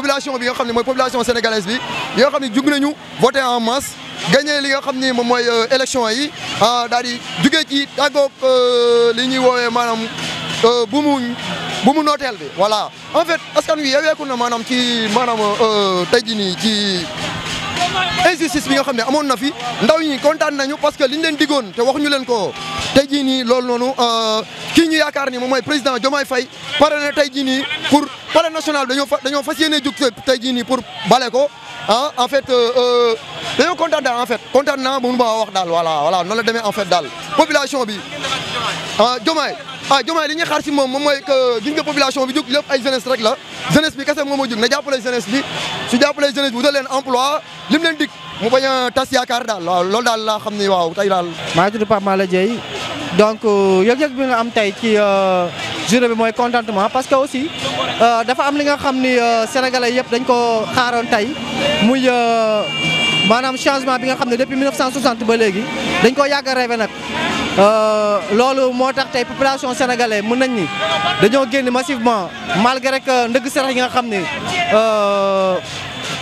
population bi nga xam ne mooy population sénégalaise bi bi nga xam ne jug nañu voté en masse gagné li nga xam ni moom mooy euh, élection yi ah, daal di jugee ci tàggoog euh, li ñuy woowee maanaam euh, bu mu bu mu nooteel bi voilà en fait askan wi yeweeku na maanaam ci maanaam tey jii nii ci injustice bi nga xam ne amoon na fi ndaw ñi kontaan nañu parce que liñ leen diggoon te waxuñu leen ko tey jii nii loolu noonu kii ñu yaakaar ni moom mooy président jomay fay pare na palais national dañoo fa dañoo fas yéene jug tey jii nii pour bale ko ah, en fait euh, euh, dañoo kontaan daal en fait kontaan naa mënu ma wax daal voilà voilà noonu la demee en fait daal population bi ah Diomaye ah Diomaye li ñuy xaar si moom moom mooy que gis population bi jug lépp ay jeunesse rek la jeunesse bi kese moom moo jug na jàppale jeunesse bi su jàppale jeunesse bi wutal leen emploi lim leen dig mu bañ a tas yaakaar daal waaw loolu daal laa xam ni waaw tey daal. maa ngi tudd maa la Dieye donc euh, yëg-yëg bi nga am tey ci euh, journée bi mooy contentement parce que aussi euh, dafa am li nga xam ni sénégalais yëpp dañ ko xaaroon tey muy maanaam changement bi nga xam ne depuis 1960 ba léegi dañ ko yàgg a rêvé nag loolu moo tax tey population sénégalaise mën nañ ni dañoo génn massivement malgré que ndëgg sarax yi nga xam ni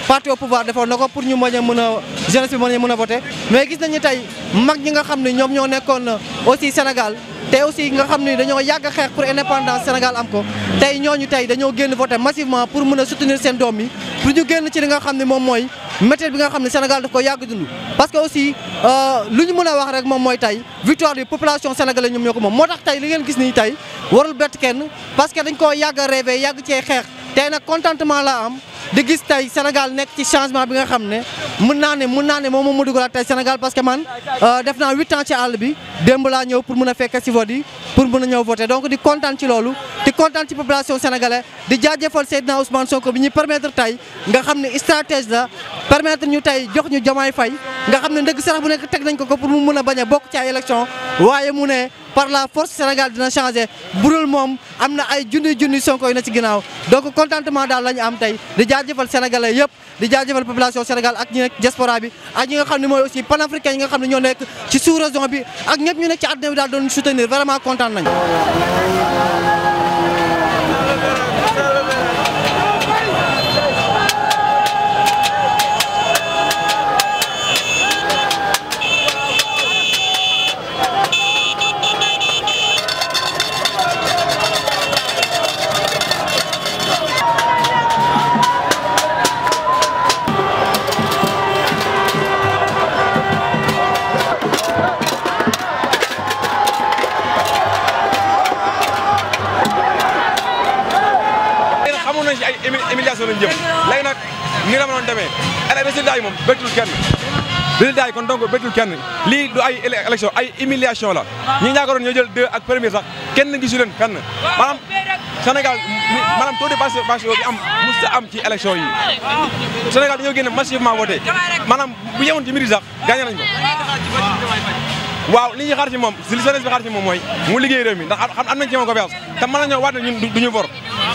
parti au pouvoir defoon na ko pour ñu mën a mën a jeunesse bi mën a mën a voté mais gis nañu tey mag ñi nga xam ne ñoom ñoo nekkoon aussi Sénégal te aussi nga xam ne dañoo yàgg xeex pour indépendance Sénégal am ko tey ñooñu tey dañoo génn voté massivement pour mën a soutenir seen doom yi pour ñu génn ci li nga xam ne moom mooy métier bi nga xam ne Sénégal daf ko yàgg dund parce que aussi euh, lu ñu mën a wax rek moom mooy tey victoire bi population sénégalaise ñoom ñoo ko moom moo tax tey li ngeen gis nii tey warul bett kenn parce que dañ koo yàgg a yàgg cee xeex tey nag contentement la am di gis tey Sénégal nekk ci changement bi nga xam ne mën naa ne mun naa ne moom moo ma dugalaat tey Sénégal parce que man euh, def naa huit ans ci àll bi démb laa ñëw pour mun a fekk si vote yi pour mën a ñëw voter donc di kontaan ci loolu di kontaan ci population sénégalaise di jaajëfal Seydina Ousmane ko bi ñu permettre tey nga xam ne stratège la permettre ñu tey jox ñu Diomaye Faye nga xam ne ndëgg sarax bu nekk teg nañ ko ko pour mu mun a baña bokk ci ay élection waaye mu ne par la force Sénégal dina changé burul moom am na ay junni junni Sonko yu na ci ginnaaw donc contentement daal la am tey di jaajëfal sénégal yëpp di jaajëfal population Sénégal ak ñi nekk diaspora bi ak ñi nga xam ne mooy aussi panafricain yi nga xam ne ñoo nekk ci sous-région bi ak ñëpp ñu nekk ci àddina bi daal doon soutenir vraiment kontaan nañ élection lañ jëm léegi nag ni la ma demee résultat yi moom bettul kenn résultat yi kon donc bettul kenn lii du ay élection ay humiliation la ñi ñaakaroon ñoo jël deux ak premier sax kenn gisu leen fenn maanaam Sénégal maanaam taux de participation bi am mos am ci élection yi Sénégal dañoo génne massivement voté maanaam bu yemoon bu mbir yi sax gagné nañ ko waaw li ñuy xaar ci moom si bi xaar ci moom mooy mu liggéey réew mi ndax am nañ ci moom confiance te mën ne ñun du ñu for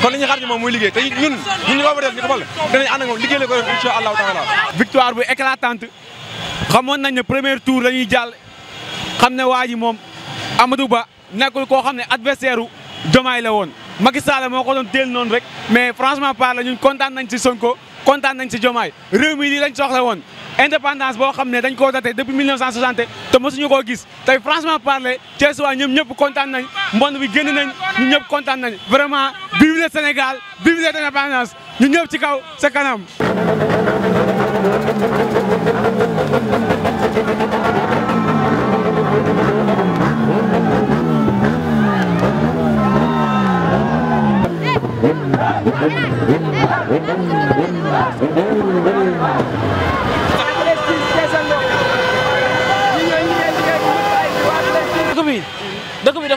kon li ñu xaar ci moom muy liggéey te ñun ñun ñu ko def ñu ko fal danañ ànd ak moom liggéey la ko def incha allahu taala victoire bu éclatante xamoon nañ ne premier tour lañuy jaal xam ne waa ji moom Amadou Ba nekkul koo xam ne adversaire u Diomaye la woon Macky Sall moo ko doon teel noonu rek mais franchement parle ñun kontaan nañ ci Sonko kontaan nañ si Diomaye réew mi lii lañ soxla woon indépendance boo xam ne dañ koo daté depuis 1960 te mosuñu koo gis tey franchement parler Thiès waa ñoom ñëpp kontaan nañ mbon bi génn nañ ñu ñëpp kontaan nañ vraiment vive le Sénégal vive l'indépendance ñu ñëpp ci kaw sa kanam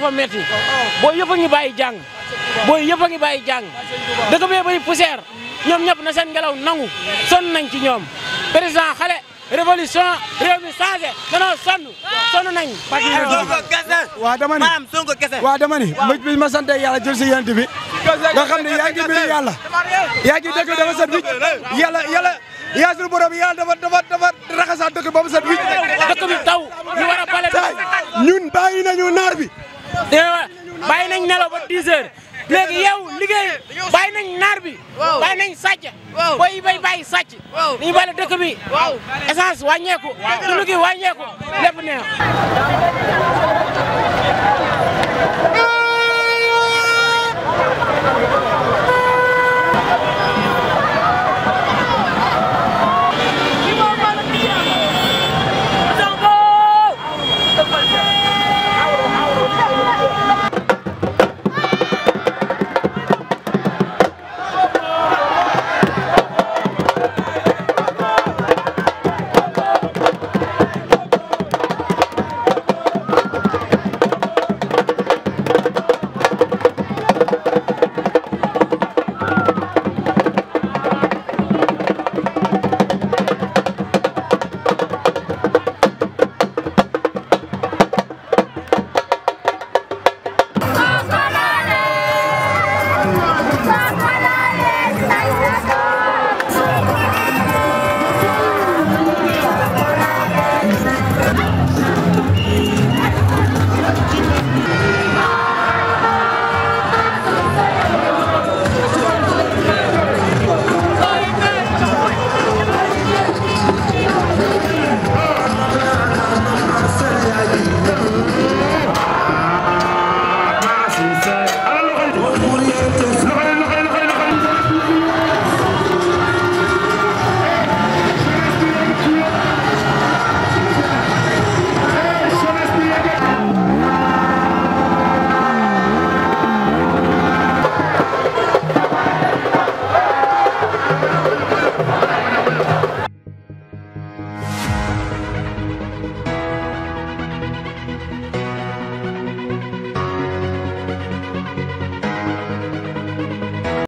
dafa metti boo yëpp a ngi bàyyi jàng boo yëpp a ngi bàyyi jàng dëkk bee bay poussière ñoom ñëpp na seen ngelaw nangu sonn nañ ci ñoom président xale révolution réew mi changé danoo sonn sonn nañ waaw dama ni waaw dama ni bi ma sante yàlla jël si yent bi nga xam ne yaa ngi mbiri yàlla yaa ngi dëkk dafa set wicc yàlla yàlla yaa suñu borom ba mu set wicc dëkk bi taw ñu war a bale ñun bàyyi nañu naar bi bàyyi nañ nelaw ba 10 heures léegi yow liggéey bàyyi nañ naar bi. bàyyi nañ sàcc. booy yi bay bàyyi sàcc. dañuy bàyyi dëkk bi. essence wàññeeku. waaw dund gi wàññeeku lépp neex. Thank